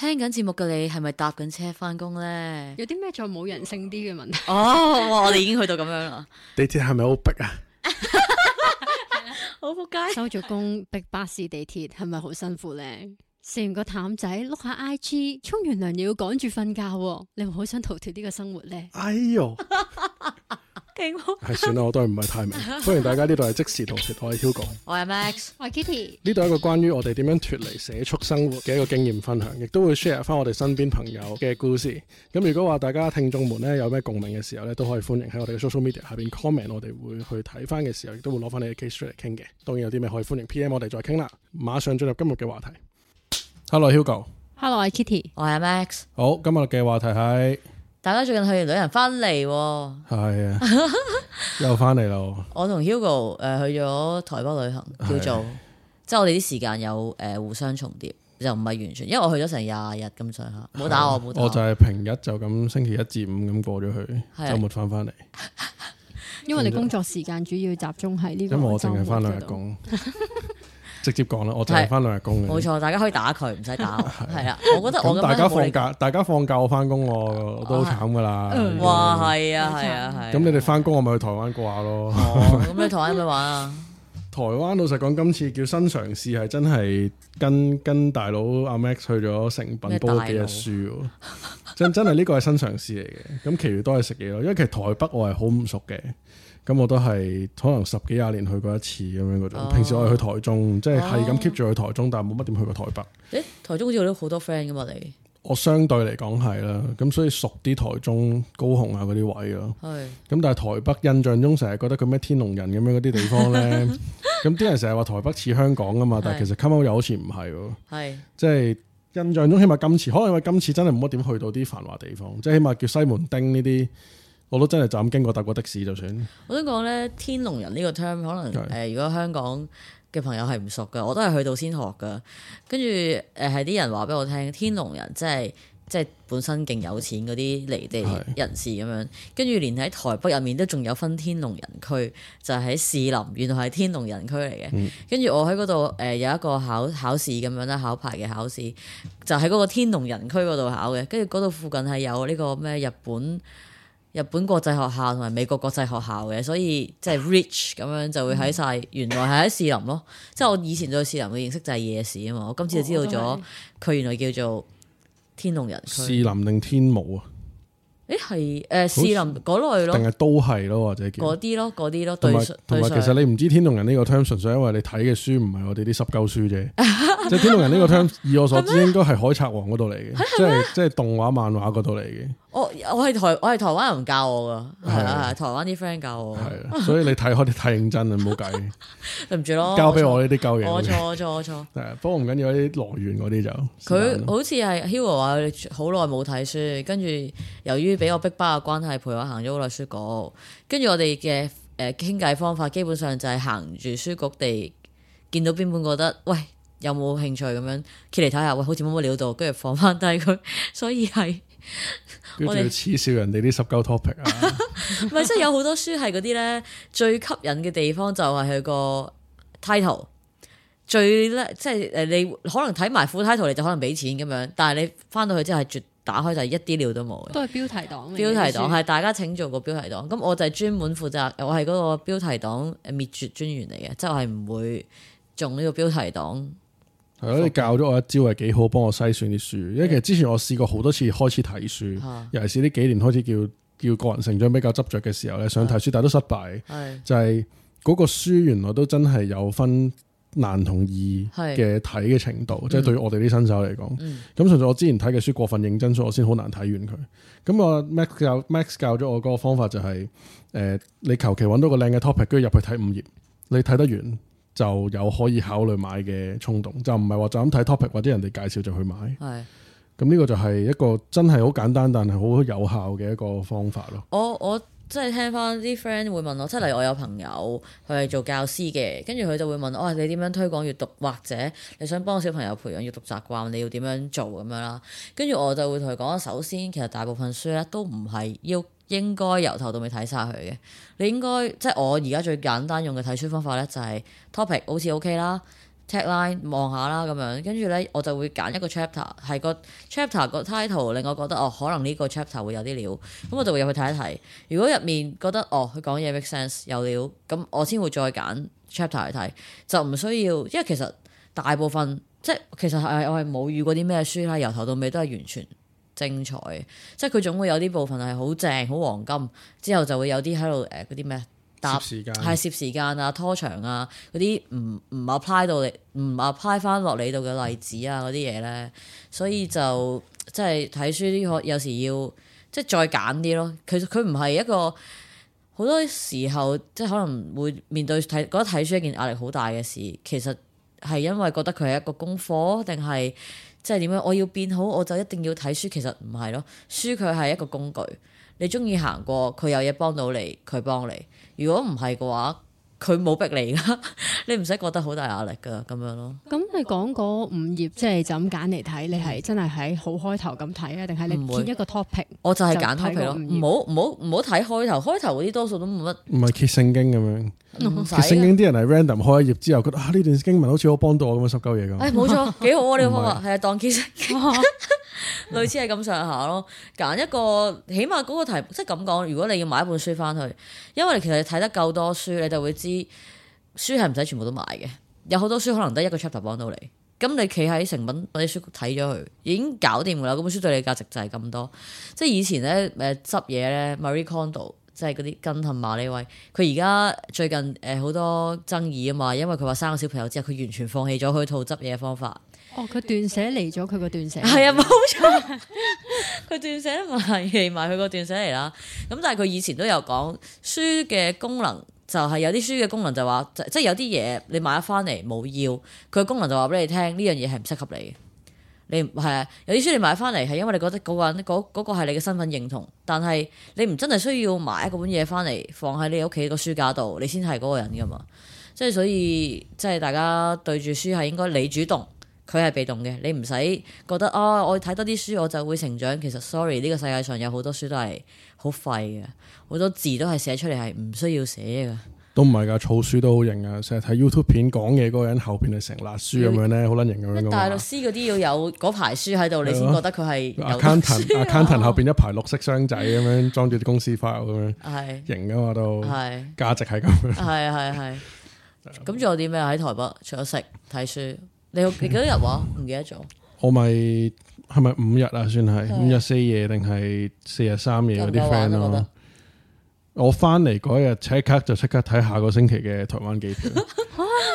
聽緊節目嘅你係咪搭緊車翻工咧？有啲咩再冇人性啲嘅問題？哦，我哋已經去到咁樣啦。 地鐵係咪好逼啊？好仆街！收咗工逼巴士地鐵係咪好辛苦咧？食 完個淡仔碌下 IG，沖完涼又要趕住瞓覺，你係咪好想逃脫呢個生活咧？哎呦！ 係 算啦，我都係唔係太明。 歡迎大家呢度係即時同事，我係 Hugo，我係 Max，我係 Kitty。呢度 係一個關於我哋點樣脫離社畜生活嘅一個經驗分享，亦都會 share 翻，我哋身邊朋友嘅故事。咁如果話大家聽眾們咧有咩共鳴嘅時候咧，都可以歡迎喺我哋嘅 social media 下邊 comment，我哋會去睇翻嘅時候，亦都會攞翻你嘅 case 出嚟傾嘅。當然有啲咩可以歡迎 PM 我哋再傾啦。馬上進入今日嘅話題。Hello Hugo，Hello Kitty，我係 'm Max。好，今日嘅話題係。大家最近去完旅行翻嚟，係啊的， 又翻嚟咯。我同 Hugo 誒去咗台北旅行，的叫做即係、就是、我哋啲時間有誒互相重疊，就唔係完全，因為我去咗成廿日咁上下。冇的打我，冇打我，我就係平日就咁星期一至五咁過咗去，的周末翻翻嚟。 因為你工作時間主要集中喺呢個的，咁我淨係翻兩日工。 直接講啦，我就係翻兩日工嘅。冇錯，大家可以打佢，唔使打我。係啦，我覺得我大家放假，大家放假我翻工，我都好慘噶啦。哇，係啊，係啊，係。咁你哋翻工，我咪去台灣過下咯。咁去台灣有咩玩啊？台灣老實講，今次叫新嘗試係真係跟跟大佬阿 Max 去咗誠品煲幾日書，真真係呢個係新嘗試嚟嘅。咁，其餘都係食嘢咯。因為其實台北我係好唔熟嘅。咁我都係可能十幾廿年去過一次咁樣嗰種，哦、平時我係去台中，哦、即係係咁 keep 住去台中，哦、但係冇乜點去過台北。誒、欸，台中好似有好多 friend 噶嘛，你？我相對嚟講係啦，咁所以熟啲台中、高雄啊嗰啲位咯。係是。咁但係台北印象中成日覺得佢咩天龍人咁樣嗰啲地方咧，咁啲 人成日話台北似香港噶嘛，但係其實 come out 又好似唔係喎。係是。即係印象中起碼今次可能因為今次真係冇乜點去到啲繁華地方，即係起碼叫西門町呢啲。我都真係就咁經過搭過的士就算。我想講咧，天龍人呢個 term 可能誒、呃，如果香港嘅朋友係唔熟嘅，我都係去到先學嘅。跟住誒係啲人話俾我聽，天龍人即係即係本身勁有錢嗰啲離地人士咁樣。跟住連喺台北入面都仲有分天龍人區，就喺、係、士林，原來係天龍人區嚟嘅。跟住、嗯、我喺嗰度誒有一個考考試咁樣啦，考牌嘅考試，就喺、係、嗰個天龍人區嗰度考嘅。跟住嗰度附近係有呢個咩日本。日本國際學校同埋美國國際學校嘅，所以即係 rich 咁樣就會喺晒，原來係喺士林咯。即係我以前對士林嘅認識就係夜市啊嘛，我今次就知道咗佢原來叫做天龍人。士林定天母啊誒，係誒士林嗰類咯，定係都係咯，或者叫嗰啲咯，嗰啲咯。同同埋，其實你唔知天龍人呢個 term，純粹因為你睇嘅書唔係我哋啲濕鳩書啫。即係天龍人呢個 term，以我所知應該係海賊王嗰度嚟嘅，即係即係動畫漫畫嗰度嚟嘅。我我係台我係台灣人教我噶，係啊係台灣啲 friend 教我，係啊，所以你睇開啲太認真唔好計，對唔住咯，交俾我呢啲舊嘢，錯錯錯錯，係啊，不過唔緊要啲來源嗰啲就，佢好似係 Hugo 話，好耐冇睇書，跟住由於俾我逼巴嘅關係，陪我行咗好耐書局，跟住我哋嘅誒傾偈方法，基本上就係行住書局地，見到邊本覺得喂有冇興趣咁樣揭嚟睇下，喂好似冇乜料到。跟住放翻低佢，所以係。要恥笑人哋啲十九 topic 啊 是！咪即係有好多書係嗰啲咧，最吸引嘅地方就係佢個 title 最叻，即係誒你可能睇埋副 title 你就可能俾錢咁樣，但係你翻到去之後係絕打開就是，一啲料都冇嘅，都係標題黨。標題黨係大家請做標黨個標題黨，咁，就是，我就係專門負責，我係嗰個標題黨滅絕專員嚟嘅，即係我係唔會做呢個標題黨。係咯，你教咗我一招係幾好，幫我篩選啲書。因為其實之前我試過好多次開始睇書，尤其是呢幾年開始叫叫個人成長比較執着嘅時候咧，想睇書但係都失敗。係，就係嗰個書原來都真係有分難同易嘅睇嘅程度，即係係、嗯、對於我哋啲新手嚟講。咁、嗯、純粹我之前睇嘅書過分認真，所以我先好難睇完佢。咁阿 Max 教 Max 教咗我嗰個方法就係、係、誒、呃，你求其搵到個靚嘅 topic，跟住入去睇五頁，你睇得完。就有可以考慮買嘅衝動，就唔係話就咁睇 topic 或者人哋介紹就去買。係是，咁呢、嗯這個就係一個真係好簡單但係好有效嘅一個方法咯。我我即係聽翻啲 friend 會問我，即係例如我有朋友佢係做教師嘅，跟住佢就會問我你點樣推廣閱讀，或者你想幫小朋友培養閱讀習慣，你要點樣做咁樣啦？跟住我就會同佢講，首先其實大部分書咧都唔係要，應該由頭到尾睇晒佢嘅，你應該即係我而家最簡單用嘅睇書方法呢，就係 topic 好似 OK 啦，teach line 望下啦咁樣，跟住呢，我就會揀一個 chapter 係個 chapter 個 title 令我覺得哦，可能呢個 chapter 會有啲料，咁、嗯、我就會入去睇一睇。如果入面覺得哦佢講嘢 make sense 有料，咁我先會再揀 chapter 去睇，就唔需要，因為其實大部分即係其實係我係冇遇過啲咩書啦，由頭到尾都係完全。精彩，即係佢總會有啲部分係好正、好黃金，之後就會有啲喺度誒嗰啲咩，搭係攝時間啊、拖長啊，嗰啲唔唔 apply 到你，唔 apply 翻落你度嘅例子啊嗰啲嘢咧，所以就即係睇書啲可有時要即係再揀啲咯。其實佢唔係一個好多時候即係可能會面對睇覺得睇書一件壓力好大嘅事，其實係因為覺得佢係一個功課定係？即係點樣？我要變好，我就一定要睇書。其實唔係咯，書佢係一個工具。你中意行過，佢有嘢幫到你，佢幫你。如果唔係嘅話，佢冇逼你噶， 你唔使覺得好大壓力噶，咁樣咯。咁你講嗰五頁，即係就咁揀嚟睇，你係真係喺好開頭咁睇啊，定係你揀一個 topic？我會就係揀 topic 咯，唔好唔好唔好睇開頭，開頭嗰啲多數都冇乜。唔係揭聖經咁樣，揭聖經啲人係 random 開一頁之後覺得啊，呢段經文好似好幫到我咁啊，收鳩嘢咁。哎，冇錯，幾好啊呢個方法，係啊 是，當揭聖經。 類似係咁上下咯，揀一個起碼嗰個題，即係咁講。如果你要買一本書翻去，因為其實你睇得夠多書，你就會知書係唔使全部都買嘅。有好多書可能得一個 chapter 幫到你。咁你企喺成品嗰啲書睇咗佢，已經搞掂㗎啦。嗰本書對你價值就係咁多。即係以前咧誒執嘢咧，Marie Kondo 即係嗰啲近藤麻理惠呢位，佢而家最近誒好多爭議啊嘛，因為佢話生個小朋友之後，佢完全放棄咗佢套執嘢方法。佢斷捨離咗，佢個斷捨離係啊，冇錯。 佢斷捨離買嚟買佢個斷捨離啦。咁但係佢以前都有講書嘅功能，就係有啲書嘅功能就話，即係有啲嘢你買翻嚟冇要，佢嘅功能就話俾你聽呢樣嘢係唔適合你。你係啊，有啲書你買翻嚟係因為你覺得嗰個人嗰嗰個係你嘅身份認同，但係你唔真係需要買一本嘢翻嚟放喺你屋企個書架度，你先係嗰個人噶嘛。即係所以，即係大家對住書係應該你主動。佢係被動嘅，你唔使覺得啊！我睇多啲書，我就會成長。其實，sorry，呢個世界上有好多書都係好廢嘅，好多字都係寫出嚟係唔需要寫嘅。都唔係噶，草書都好型噶。成日睇 YouTube 片講嘢嗰個人後邊係成立書咁樣咧，好撚型咁樣噶嘛。大律師嗰啲要有嗰排書喺度，嗯、你先覺得佢係 accountant。accountant 後邊一排綠色箱仔咁樣裝住啲公司 file 咁樣，係型噶嘛，都係價值係咁樣。係啊係啊係。咁仲有啲咩喺台北？除咗食、睇書。你有幾多日喎？唔記得咗。我咪係咪五日啊？ 是是啊算係五是日四夜，定係四日三夜嗰啲 friend 咯。我翻嚟嗰日，即刻就即刻睇下個星期嘅台灣機票。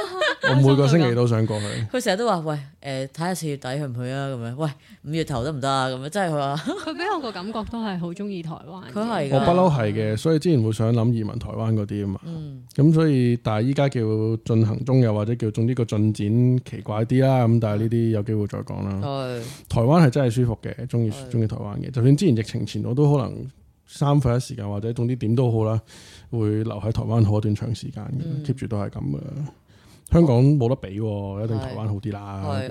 我每個星期都想過去。佢成日都話：喂，誒、呃，睇下四月底去唔去啊？咁樣，喂，五月頭得唔得啊？咁樣，真係佢話，佢俾 我個感覺都係好中意台灣。佢係我不嬲係嘅，嗯、所以之前會想諗移民台灣嗰啲啊嘛。咁、嗯、所以但係依家叫進行中，又或者叫總之個進展奇怪啲啦。咁但係呢啲有機會再講啦。嗯、台灣係真係舒服嘅，中意中意台灣嘅。就算之前疫情前，我都可能三分一時間或者總之點都好啦，會留喺台灣好一段長時間嘅，keep 住都係咁嘅。香港冇得比，哦、一定台灣好啲啦。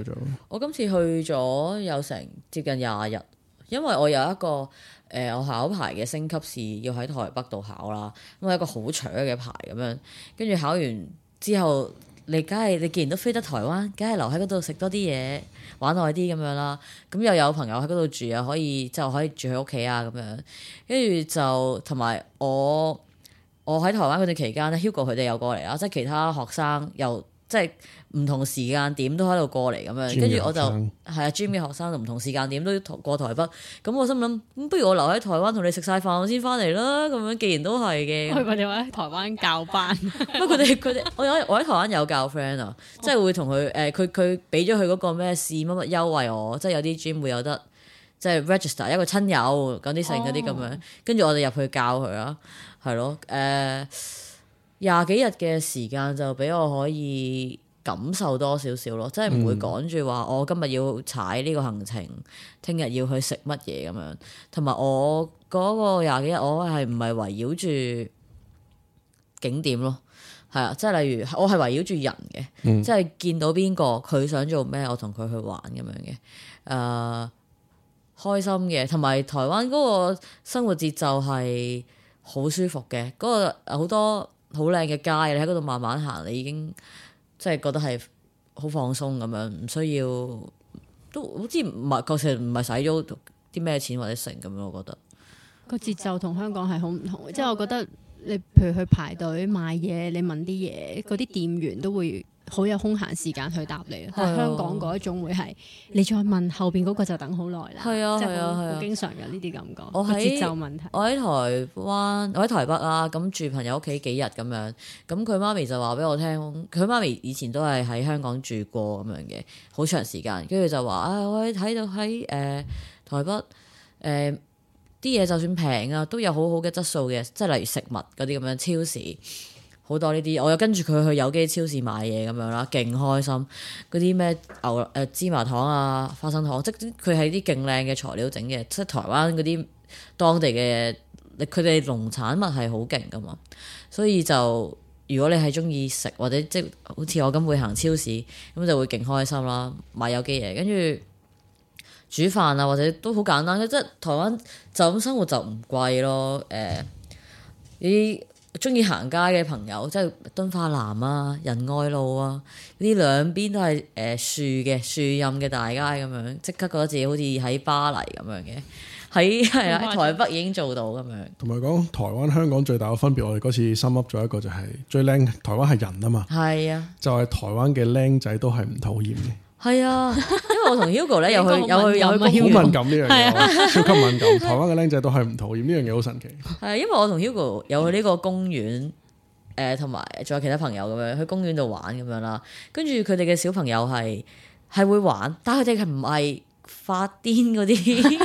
我今次去咗有成接近廿日，因為我有一個誒、呃，我考牌嘅升級試要喺台北度考啦。我一個好長嘅牌咁樣，跟住考完之後，你梗係你既然都飛得台灣，梗係留喺嗰度食多啲嘢，玩耐啲咁樣啦。咁又有朋友喺嗰度住啊，又可以就可以住喺屋企啊咁樣，跟住就同埋我。我喺台灣嗰段期間咧，Hugo 佢哋有過嚟啦，即係其他學生又即係唔同時間點都喺度過嚟咁樣，跟住 Gym 我就係啊對，Gym 嘅學生就唔同時間點都過台北，咁、嗯、我心諗咁不如我留喺台灣同你食晒飯先翻嚟啦，咁樣既然都係嘅，佢去唔去台灣教班？ 不過佢哋佢哋，我喺我喺台灣有教 friend 啊， 即係會同佢誒，佢佢俾咗佢嗰個咩試乜乜優惠我，即係有啲 Gym 會有得，即係 register 一個親友嗰啲性嗰啲咁樣，跟住、哦、我哋入去教佢啊。係咯，誒，廿幾日嘅時間就俾我可以感受多少少咯，嗯、即係唔會趕住話我今日要踩呢個行程，聽日要去食乜嘢咁樣，同埋我嗰個廿幾日，我係唔係圍繞住景點咯？係啊，即係例如我係圍繞住人嘅，嗯、即係見到邊個佢想做咩，我同佢去玩咁樣嘅，誒、呃，開心嘅，同埋台灣嗰個生活節奏係，好舒服嘅，嗰個好多好靚嘅街，你喺嗰度慢慢行，你已經即係覺得係好放鬆咁樣，唔需要都好似唔係，確實唔係使咗啲咩錢或者成咁樣，我覺得個節奏同香港係好唔同。即係我覺得你譬如去排隊買嘢，你問啲嘢，嗰啲店員都會。好有空閒時間去答你，但香港嗰一種會係、哦、你再問後邊嗰個就等好耐啦，啊、哦，係啊，哦、經常有呢啲感覺嘅在節奏問題。我喺台灣，我喺台北啊，咁住朋友屋企幾日咁樣，咁佢媽咪就話俾我聽，佢媽咪以前都係喺香港住過咁樣嘅，好長時間，跟住就話啊、哎，我喺喺度喺誒台北誒啲嘢就算平啊，都有好好嘅質素嘅，即係例如食物嗰啲咁樣超市。好多呢啲，我又跟住佢去有機超市買嘢咁樣啦，勁開心。嗰啲咩牛誒、呃、芝麻糖啊、花生糖，即佢係啲勁靚嘅材料整嘅，即係台灣嗰啲當地嘅，佢哋農產物係好勁噶嘛。所以就如果你係中意食或者即好似我咁會行超市，咁就會勁開心啦，買有機嘢，跟住煮飯啊或者都好簡單。即係台灣就咁生活就唔貴咯。誒、呃，呢啲。中意行街嘅朋友，即係敦化南啊、仁愛路啊，呢兩邊都係誒、呃、樹嘅樹蔭嘅大街咁樣，即刻覺得自己好似喺巴黎咁樣嘅，喺喺、啊、台北已經做到咁樣。同埋講台灣香港最大嘅分別，我哋嗰次深鬱咗一個就係最靚，台灣係人啊嘛，係啊，就係台灣嘅靚仔都係唔討厭嘅。係啊，因為我同 Hugo 咧又去又去又去個公園，敏感呢樣嘢，超級敏感。 台灣嘅僆仔都係唔討厭呢樣嘢，好、這個、神奇。係、啊、因為我同 Hugo 有去呢個公園，誒、嗯，同埋仲有其他朋友咁樣去公園度玩咁樣啦。跟住佢哋嘅小朋友係係會玩，但係佢哋係唔係發癲嗰啲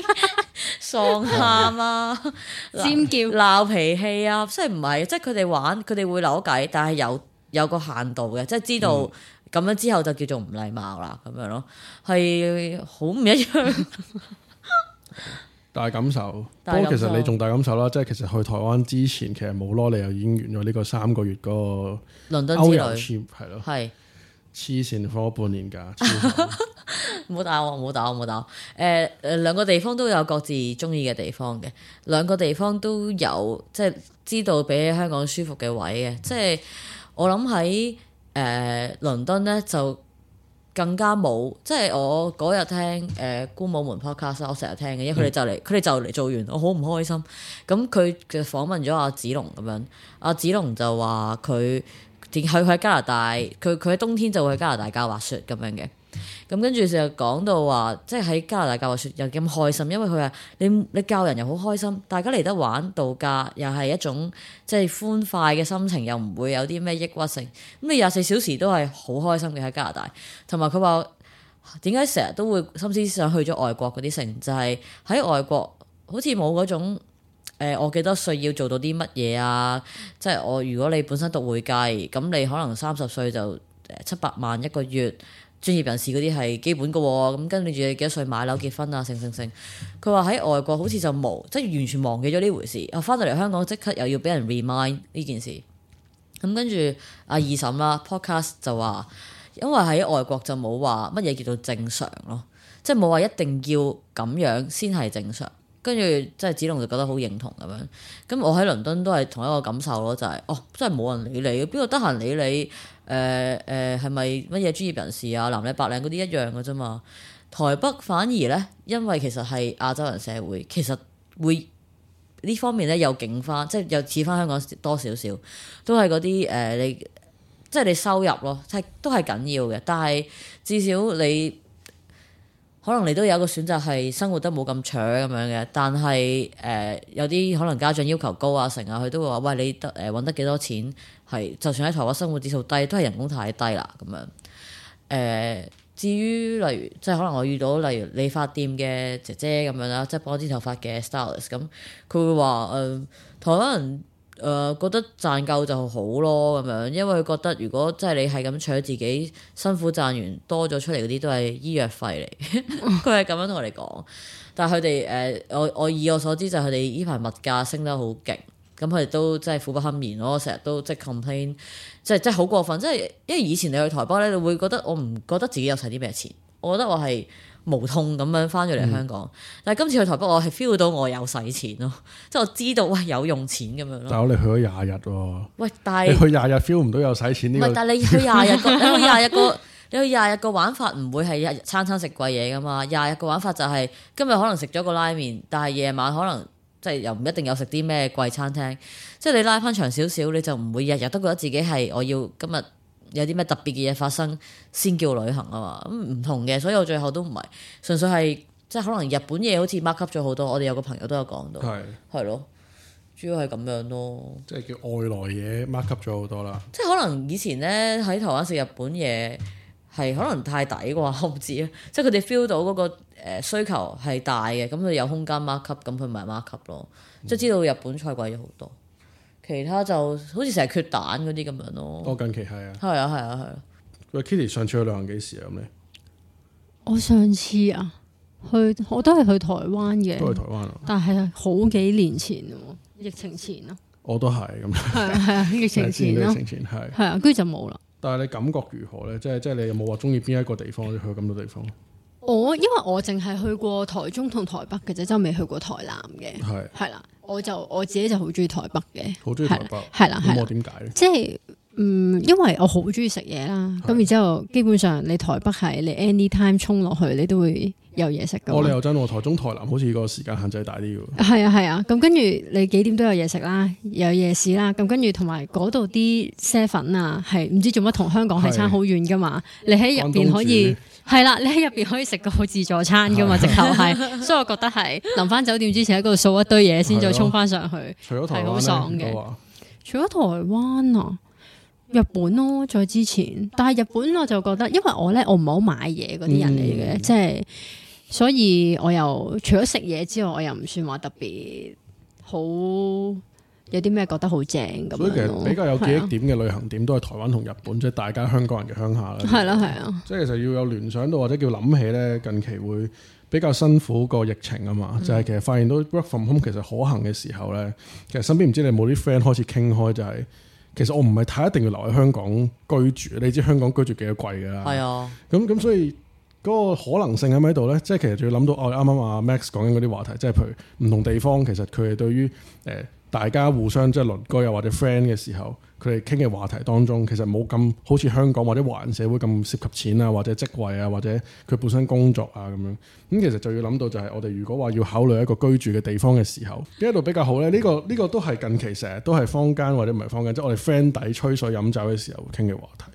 喪喊啊、尖叫、鬧脾氣啊？雖然唔係，即係佢哋玩，佢哋會扭計，但係有有個限度嘅，即係知道、嗯。咁樣之後就叫做唔禮貌啦，咁樣咯，係好唔一樣。 大感受，不過其實你仲大感受啦， 即係其實去台灣之前其實冇咯，你又已經完咗呢個三個月個倫敦之旅，係咯，係黐線放咗半年㗎。冇 打我，冇打我，冇打我。誒、呃、誒，兩個地方都有各自中意嘅地方嘅，兩個地方都有即係、就是、知道比香港舒服嘅位嘅，即、就、係、是、我諗喺。誒，倫、呃、敦咧就更加冇，即係我嗰日聽誒《官、呃、武門》podcast 我成日聽嘅，因為佢哋就嚟，佢哋、嗯、就嚟做完，我好唔開心。咁佢其實訪問咗阿、啊、子龍咁樣，阿、啊、子龍就話佢點佢喺加拿大，佢佢喺冬天就會喺加拿大教滑雪咁樣嘅。咁跟住就講到話，即係喺加拿大教話說又咁開心，因為佢話你你教人又好開心，大家嚟得玩度假，又係一種即係歡快嘅心情，又唔會有啲咩抑鬱性。咁你廿四小時都係好開心嘅喺加拿大。同埋佢話點解成日都會心思思想去咗外國嗰啲城，就係、是、喺外國好似冇嗰種誒、呃，我幾多歲要做到啲乜嘢啊？即係我如果你本身讀會計咁，你可能三十歲就七百、呃、萬一個月。專業人士嗰啲係基本嘅喎，咁跟住你幾多歲買樓結婚啊？成成成，佢話喺外國好似就冇，即係完全忘記咗呢回事。啊，翻到嚟香港即刻又要俾人 remind 呢件事。咁跟住阿二嬸啦、啊、podcast 就話，因為喺外國就冇話乜嘢叫做正常咯，即係冇話一定要咁樣先係正常。跟住即係子龍就覺得好認同咁樣。咁我喺倫敦都係同一個感受咯，就係、是、哦，真係冇人理你，邊個得閒理你？誒誒，係咪乜嘢專業人士啊？藍領白領嗰啲一樣嘅啫嘛。台北反而咧，因為其實係亞洲人社會，其實會呢方面咧又勁返，即係又似翻香港多少少，都係嗰啲誒，你即係你收入咯，係都係緊要嘅。但係至少你。可能你都有個選擇係生活得冇咁搶咁樣嘅，但係誒、呃、有啲可能家長要求高啊，成日，佢都會話：喂，你得誒搵、呃、得幾多錢？係就算喺台灣生活指數低，都係人工太低啦咁樣。誒、呃，至於例如即係可能我遇到例如理髮店嘅姐姐咁樣啦，即係幫啲頭髮嘅 stylist 咁，佢會話誒、呃、台灣人。誒、呃、覺得賺夠就好咯，咁樣，因為佢覺得如果即係你係咁取自己辛苦賺完多咗出嚟嗰啲，都係醫藥費嚟。佢係咁樣同我哋講，但係佢哋誒，我我以我所知就係佢哋依排物價升得好勁，咁佢哋都真係苦不堪言咯。成日都即係 complain，即係即係好過分，即係因為以前你去台北咧，你會覺得我唔覺得自己有使啲咩錢，我覺得我係。無痛咁樣翻咗嚟香港，嗯、但係今次去台北我係 feel 到我有使錢咯，即 係我知道喂有用錢咁樣咯。但你去咗廿日，喂，但係你去廿日 feel 唔到有使錢呢、這個？唔係，但係你去廿日個，你去廿日個，你去廿日，日個玩法唔會係日日餐餐食貴嘢㗎嘛？廿日個玩法就係、是、今日可能食咗個拉麵，但係夜晚可能即係又唔一定有食啲咩貴餐廳，即、就、係、是、你拉翻長少少，你就唔會日日都覺得自己係我要今日。有啲咩特別嘅嘢發生先叫旅行啊嘛？咁唔、嗯、同嘅，所以我最後都唔係純粹係即係可能日本嘢好似 mark up 咗好多。我哋有個朋友都有講到，係係是咯，主要係咁樣咯，即係叫外來嘢 mark up 咗好多啦。即係可能以前咧喺台灣食日本嘢係可能太抵啩，我唔知啊。即係佢哋 feel 到嗰個需求係大嘅，咁佢有空間 mark up，咁佢咪 mark up 咯。即係知道日本菜貴咗好多。嗯其他就好似成日缺蛋嗰啲咁樣咯。我、哦、近期係啊，係啊，係啊，係、啊。喂，Kitty，上次去旅行幾時啊？咁你？我上次啊，去我都係去台灣嘅，都係台灣。但係好幾年前咯、啊啊啊，疫情前啊。我都係咁。係啊係啊，疫情前咯，疫情前係。係啊，跟住、啊、就冇啦。但係你感覺如何咧？即係即係你有冇話中意邊一個地方？你去咁多地方。我因為我淨係去過台中同台北嘅啫，就未去過台南嘅。係係啦。我就我自己就好中意台北嘅，好中意台北係啦，係啦、啊，咁、啊啊、我點解咧？即係嗯，因為我好中意食嘢啦。咁、啊、然之後，基本上你台北係你 anytime 衝落去，你都會有嘢食嘅。我、哦、你又真喎，台中台南好似個時間限制大啲喎。係啊係啊，咁、啊、跟住你幾點都有嘢食啦，有夜市啦。咁跟住同埋嗰度啲 Seven 啊，係唔知做乜同香港係差好遠嘅嘛？你喺入邊可以。係啦，你喺入邊可以食個好自助餐噶嘛，直頭係，所以我覺得係臨翻酒店之前喺嗰度掃一堆嘢，先再衝翻上去，係好爽嘅。除咗台、台灣、啊，日本咯，再之前，但係日本我就覺得，因為我咧我唔好買嘢嗰啲人嚟嘅，即係、嗯，就是，所以我又除咗食嘢之外，我又唔算話特別好。有啲咩覺得好正咁？所以其實比較有記憶點嘅旅行點是、啊、都係台灣同日本，即、就、係、是、大家香港人嘅鄉下啦。係咯，係啊。啊、即係其實要有聯想到或者叫諗起咧，近期會比較辛苦個疫情啊嘛。是啊就係其實發現到 work from home 其實可行嘅時候咧，其實身邊唔知你有冇啲 friend 開始傾開，就係、是、其實我唔係太一定要留喺香港居住。你知香港居住幾貴㗎啦？係是啊。咁咁所以嗰個可能性喺咪度咧？即係其實仲要諗到，我啱啱阿 Max 講緊嗰啲話題，即係譬如唔同地方其實佢哋對於誒。呃大家互相即係鄰居又或者 friend 嘅時候，佢哋傾嘅話題當中，其實冇咁好似香港或者華人社會咁涉及錢啊，或者職位啊，或者佢本身工作啊咁樣，咁、嗯、其實就要諗到就係我哋如果話要考慮一個居住嘅地方嘅時候，邊一度比較好咧？呢、呢個呢、呢個都係近期成日都係坊間或者唔係坊間即係我哋 friend 底吹水飲酒嘅時候傾嘅話題。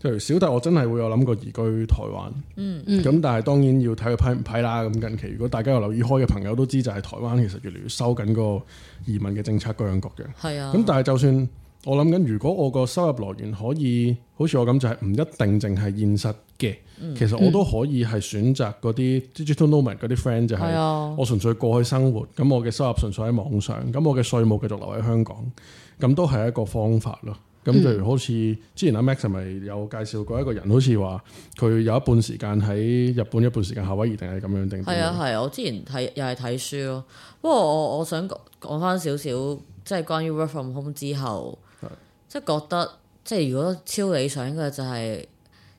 即係小弟，我真係會有諗過移居台灣，咁、嗯嗯、但係當然要睇佢批唔批啦。咁近期如果大家有留意開嘅朋友都知，就係台灣其實越嚟越收緊個移民嘅政策局，各樣各嘅係啊。咁但係就算我諗緊，如果我個收入來源可以好似我咁，就係、是、唔一定淨係現實嘅。嗯、其實我都可以係選擇嗰啲 digital nomad 嗰啲 friend 就係我純粹過去生活。咁我嘅收入純粹喺網上，咁我嘅稅務繼續留喺香港，咁都係一個方法咯。咁，嗯、例如好似之前阿 Max 咪有介紹過一個人，好似話佢有一半時間喺日本，一半時間夏威夷，定係咁樣定？係啊係啊，我之前睇又係睇書咯。不過我我想講翻少少，即係關於 Work from Home 之後，即係的覺得即係如果超理想嘅就係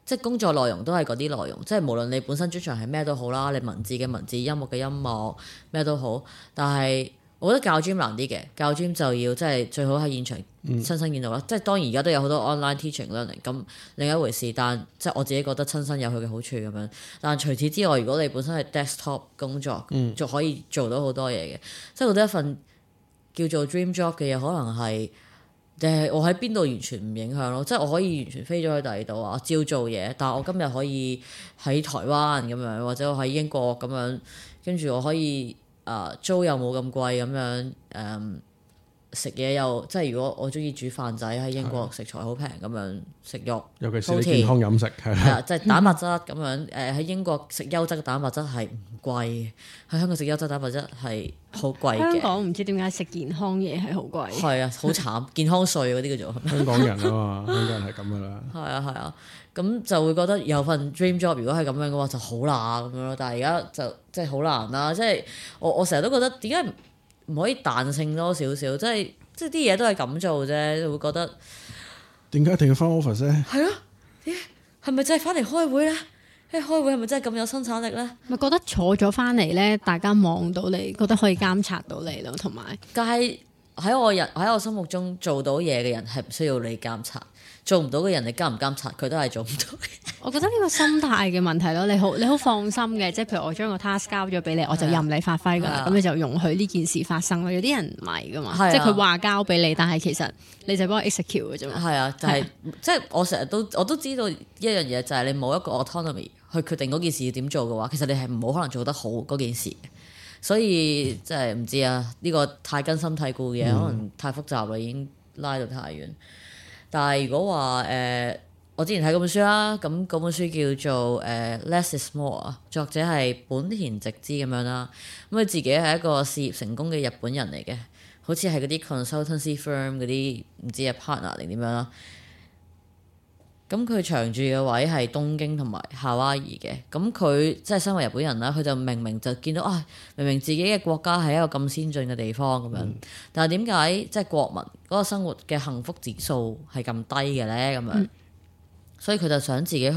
即係工作內容都係嗰啲內容，即係無論你本身專長係咩都好啦，你文字嘅文字、音樂嘅音樂咩都好，但係。我覺得教 gym 難啲嘅，教 gym 就要即係最好喺現場親身見到啦。嗯、即係當然而家都有好多 online teaching 啦，咁另一回事。但即係我自己覺得親身有佢嘅好處咁樣。但除此之外，如果你本身係 desktop 工作，就、嗯、可以做到好多嘢嘅。即我覺得一份叫做 dream job 嘅嘢，可能係即係我喺邊度完全唔影響咯。即係我可以完全飛咗去第二度啊，我照做嘢。但係我今日可以喺台灣咁樣，或者我喺英國咁樣，跟住我可以。啊租、嗯、又冇咁貴咁樣，誒食嘢又即係如果我中意煮飯仔，喺英國食材好平咁樣，食肉，尤其係食健康飲食係，即係、就是、蛋白質咁樣誒喺、嗯、英國食優質嘅蛋白質係唔貴，喺香港食優質蛋白質係好貴。喺香港唔知點解食健康嘢係好貴，係啊，好慘，健康稅嗰啲，叫做香港人啊嘛，香港人係咁噶啦，係啊係啊。咁就會覺得有份 dream job，如果係咁樣嘅話就好難咁樣咯。但係而家就即係好難啦，即係我我成日都覺得點解唔可以彈性多少少？即係即係啲嘢都係咁做啫，就會覺得點解一定要返 office 咧？係啊，咦？係咪就係返嚟開會咧？誒，開會係咪真係咁有生產力咧？咪覺得坐咗返嚟咧，大家望到你，覺得可以監察到你咯，同埋，但係喺我人喺我心目中做到嘢嘅人係唔需要你監察。做唔到嘅人，你監唔監察佢都係做唔到。我覺得呢個心態嘅問題咯， 你好你好放心嘅，即係譬如我將個 task 交咗俾你，我就任你發揮噶啦，咁是的 你就容許呢件事發生咯。有啲人唔係噶嘛，是的 即係佢話交俾你，但係其實你就幫我 execute 嘅啫。係啊，就係即係我成日都我都知道一樣嘢，就係、是、你冇一個 autonomy 去決定嗰件事要點做嘅話，其實你係冇可能做得好嗰件事。所以即係唔知啊，呢、這個太根深蒂固嘅嘢，可能太複雜啦，已經拉到太遠。但係如果話誒、呃，我之前睇嗰本書啦，咁嗰本書叫做誒、呃《Less is More》啊，作者係本田直之咁樣啦。咁佢自己係一個事業成功嘅日本人嚟嘅，好似係嗰啲 consultancy firm 嗰啲唔知 partner 定點樣啦。咁佢長住嘅位係東京同埋夏威夷嘅。咁佢即係身為日本人啦，佢就明明就見到啊、哎，明明自己嘅國家係一個咁先進嘅地方咁樣，嗯、但係點解即係國民嗰個生活嘅幸福指數係咁低嘅咧？咁樣、嗯，所以佢就想自己去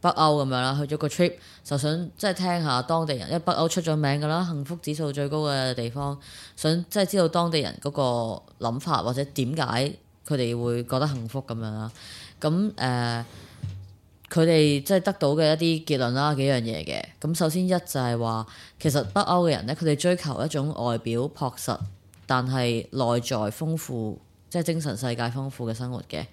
北歐咁樣啦，去咗個 trip 就想即係、就是、聽下當地人，因為北歐出咗名噶啦，幸福指數最高嘅地方，想即係知道當地人嗰個諗法或者點解佢哋會覺得幸福咁樣啦。咁誒，佢哋、呃、即係得到嘅一啲結論啦，幾樣嘢嘅。咁首先一就係話，其實北歐嘅人呢，佢哋追求一種外表樸實，但係內在豐富，即係精神世界豐富嘅生活嘅。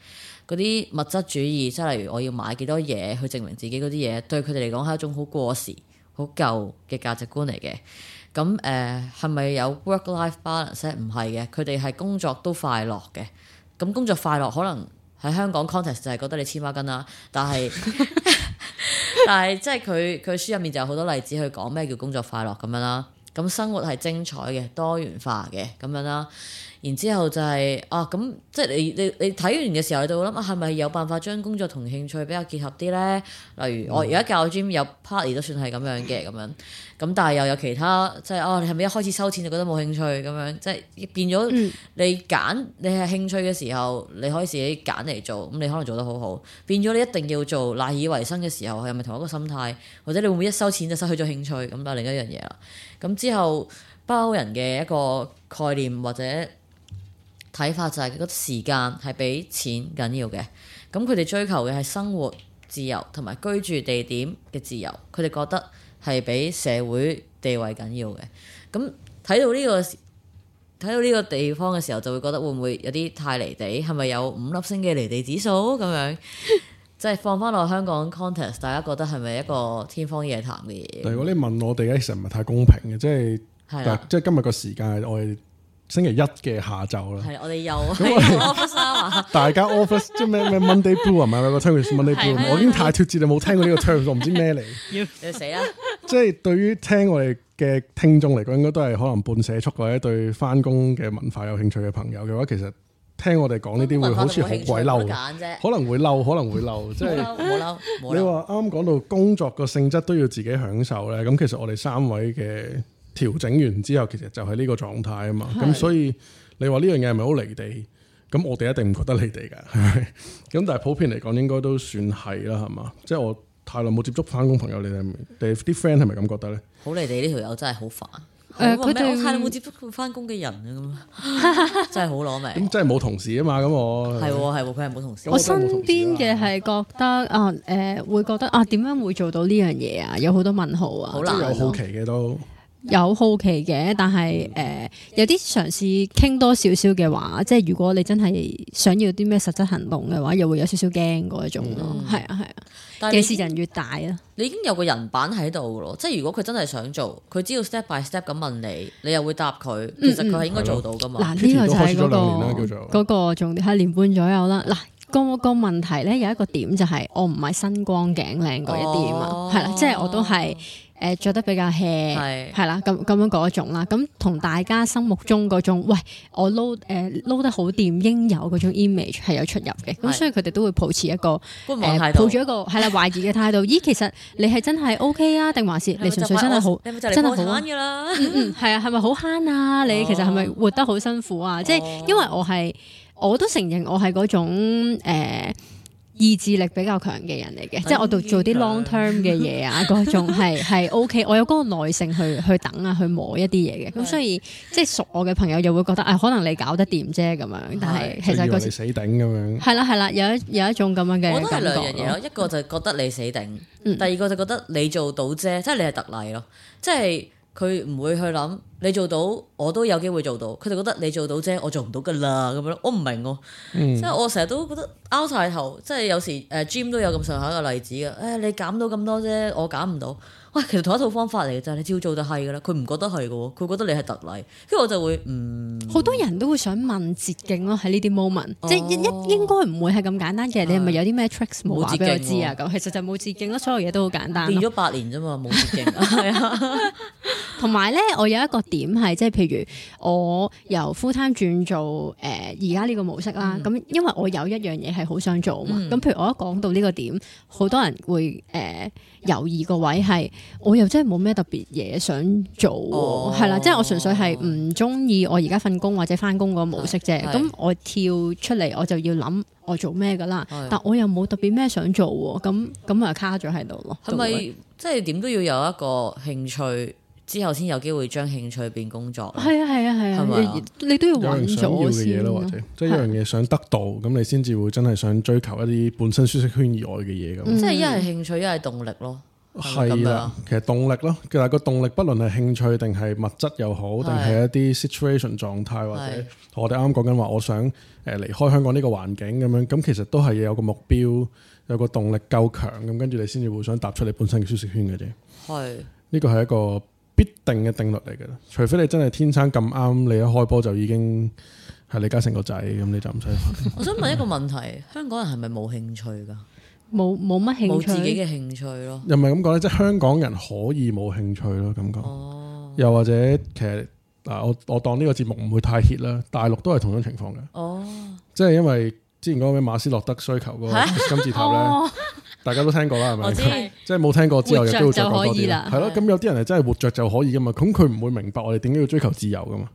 嗰啲物質主義，即係例如我要買幾多嘢去證明自己嗰啲嘢，對佢哋嚟講係一種好過時、好舊嘅價值觀嚟嘅。咁誒，係、呃、咪有 work-life balance？唔係嘅，佢哋係工作都快樂嘅。咁工作快樂可能。喺香港 context 就係、是、覺得你黐孖筋啦，但係 但係即係佢佢書入面就有好多例子去講咩叫工作快樂咁樣啦，咁生活係精彩嘅多元化嘅咁樣啦。然之後就係、是、啊咁，即係你你你睇完嘅時候，你都會諗啊，係咪有辦法將工作同興趣比較結合啲咧？例如我而家教 Gym 有 party 都算係咁樣嘅咁樣，咁但係又有其他即係哦，你係咪一開始收錢就覺得冇興趣咁樣？即係變咗你揀你係興趣嘅時候，你可以自己揀嚟做，咁你可能做得好好。變咗你一定要做賴以為生嘅時候，係咪同一個心態？或者你會唔會一收錢就失去咗興趣？咁又另一樣嘢啦。咁之後包人嘅一個概念或者～睇法就係個時間係比錢緊要嘅，咁佢哋追求嘅係生活自由同埋居住地點嘅自由，佢哋覺得係比社會地位緊要嘅。咁睇到呢個睇到呢個地方嘅時候，就會覺得會唔會有啲太離地？係咪有五粒星嘅離地指數咁樣？即 係放翻落香港 context 大家覺得係咪一個天方夜譚嘅嘢？如果你問我哋咧，其實唔係太公平嘅，即係係即係今日個時間我哋。星期一嘅下晝啦，係我哋有。大家 office 即係咩咩 Monday Blue 係咪？個 term is Monday Blue，我已經太脱節，你冇聽過呢個 term？我唔知咩嚟。死啦！即係對於聽我哋嘅聽眾嚟講，應該都係可能半社畜或者對翻工嘅文化有興趣嘅朋友嘅話，其實聽我哋講呢啲會好似好鬼嬲嘅。可能會嬲，可能會嬲。即係冇嬲，冇嬲，你話啱啱講到工作個性質都要自己享受咧，咁其實我哋三位嘅。調整完之後，其實就係呢個狀態啊嘛。咁是的 所以你話、就是、呢樣嘢係咪好離地？咁我哋一定唔覺得離地嘅，咁但係普遍嚟講應該都算係啦，係嘛？即係我太耐冇接觸返工朋友，你哋， 啲 friend 係咪咁覺得咧？好離地呢條友真係好煩。誒，佢太耐冇接觸過返工嘅人啊，咁真係好攞命。咁真係冇同事啊嘛，咁我係喎係喎，佢係冇同事。我身邊嘅係覺得 啊誒，會覺得啊點樣、呃會，啊啊、會做到呢樣嘢啊？有好多問號啊，都、啊、有好奇嘅都。有好奇嘅，但係誒、呃、有啲嘗試傾多少少嘅話，即係如果你真係想要啲咩實質行動嘅話，又會有少少驚嗰種咯。係、嗯、啊，係啊。幾時人越大啊？你已經有個人版喺度咯，即係如果佢真係想做，佢只要 step by step 咁問你，你又會答佢。其實佢係應該做到噶嘛。嗱、嗯嗯，呢、這個就係嗰、那個重點係年半左右啦。嗱、那個，個個問題咧有一個點就係我唔係新光頸靚嗰一啲啊嘛，係啦、哦，即係我都係。誒著、呃、得比較 hea 係係啦，咁咁樣嗰種啦，咁同大家心目中嗰種，喂，我撈誒撈得好掂，應有嗰種 image 係有出入嘅，咁的所以佢哋都會抱持一個抱住一個係啦懷疑嘅態度。咦， 其實你係真係 OK 啊，定還是你純粹真係好真係好慳㗎啦？嗯係、嗯、啊，係咪好慳啊？你其實係咪活得好辛苦啊？即係、oh. 因為我係我都承認我係嗰種、呃呃意志力比較強嘅人嚟嘅， 即係我度做啲 long term 嘅嘢啊，嗰 種係係 OK，我有嗰個耐性去去等啊，去摸一啲嘢嘅。咁 所以即係熟我嘅朋友又會覺得，誒、哎、可能你搞得掂啫咁樣，但係其實個死頂咁樣。係啦係啦，有一有一，有一種咁樣嘅感覺。我覺得兩樣嘢，嗯、一個就覺得你死頂，第二個就覺得你做到啫，即係你係特例咯，即係。佢唔會去諗，你做到我都有機會做到。佢就覺得你做到啫，我做唔到噶啦咁樣。我唔明，嗯、即係我成日都覺得拗晒頭。即係有時誒 gym 都有咁上下嘅例子嘅。誒、嗯哎，你減到咁多啫，我減唔到。其實同一套方法嚟嘅，就係你照做就係噶啦，佢唔覺得係嘅，佢覺得你係特例，跟住我就會嗯。好多人都會想問捷徑咯，喺呢啲 moment，即係一應該唔會係咁簡單嘅，哦、你係咪有啲咩 tricks 冇？冇捷徑知啊，咁其實就冇捷徑咯，所有嘢都好簡單。練咗八年啫嘛，冇捷徑。係 是啊。同埋咧，我有一個點係，即係譬如我由 full time 轉做誒而家呢個模式啦，咁、嗯、因為我有一樣嘢係好想做啊嘛，咁、嗯、譬如我一講到呢個點，好多人會誒。呃呃猶豫，個位係，我又真係冇咩特別嘢想做，係啦、哦，即係我純粹係唔中意我而家份工或者翻工個模式啫。咁是我跳出嚟，我就要諗我做咩噶啦，的但我又冇特別咩想做，咁咁啊卡咗喺度咯。係咪即係點都要有一個興趣？之後先有機會將興趣變工作，係啊係啊係啊，你都要揾到樣想要嘅嘢咯，或者即係一樣嘢想得到咁，你先至會真係想追求一啲本身舒適圈以外嘅嘢咁。嗯、即係一係興趣，一係動力咯。係啊，其實動力咯，其實個動力不論係興趣定係物質又好，定係一啲 situation 狀態或者我哋啱啱講緊話，我想誒離開香港呢個環境咁樣，咁其實都係有個目標，有個動力夠強咁，跟住你先至會想踏出你本身嘅舒適圈嘅啫。係呢個係一個。必定嘅定律嚟嘅啦，除非你真係天生咁啱，你一開波就已經係李嘉誠個仔，咁你就唔使 我想問一個問題，香港人係咪冇興趣噶？冇冇乜興趣？冇自己嘅興趣咯。又唔係咁講咧，即係香港人可以冇興趣咯，感覺。哦。又或者其實嗱，我我當呢個節目唔會太 h i thit 啦，大陸都係同樣情況嘅。哦。即係因為之前講咩馬斯洛德需求嗰個、X、金字塔咧。 哦大家都聽過啦，係咪？即係冇聽過之後，就可以有機會再講多啲。係咯的，咁的有啲人係真係活着就可以噶嘛？咁佢唔會明白我哋點解要追求自由噶嘛？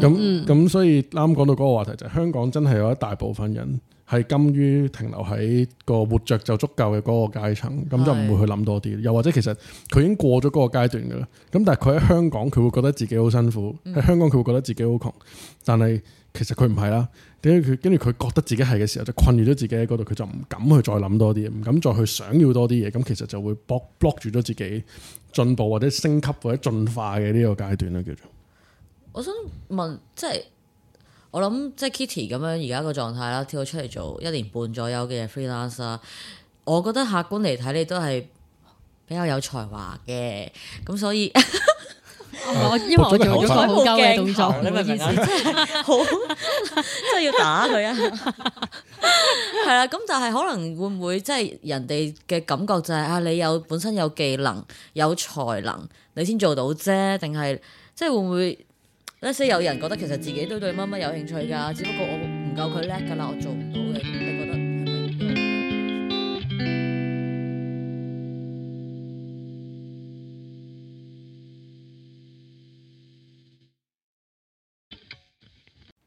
咁咁，所以啱講到嗰個話題就係、是、香港真係有一大部分人係甘於停留喺個活着就足夠嘅嗰個階層，咁就唔會去諗多啲。的又或者其實佢已經過咗嗰個階段噶啦，咁但係佢喺香港佢會覺得自己好辛苦，喺、嗯、香港佢會覺得自己好窮，但係。其實佢唔係啦，點解佢跟住佢覺得自己係嘅時候，就困住咗自己喺嗰度，佢就唔敢去再諗多啲，唔敢再去想要多啲嘢，咁其實就會 block block 住咗自己進步或者升級或者進化嘅呢個階段啦，叫做。我想問，即係我諗，即係 Kitty 咁樣而家個狀態啦，跳咗出嚟做一年半左右嘅 freelancer，我覺得客觀嚟睇，你都係比較有才華嘅，咁所以。 因為我英雄都做咗好高嘅動作，你咪、嗯、意思真係好， 真係要打佢啊！係啦，咁就係可能會唔會即係人哋嘅感覺就係、是、啊，你有本身有技能有才能，你先做到啫，定係即係會唔會？一些有人覺得其實自己都對乜乜有興趣噶，只不過我唔夠佢叻噶啦，我做唔到嘅。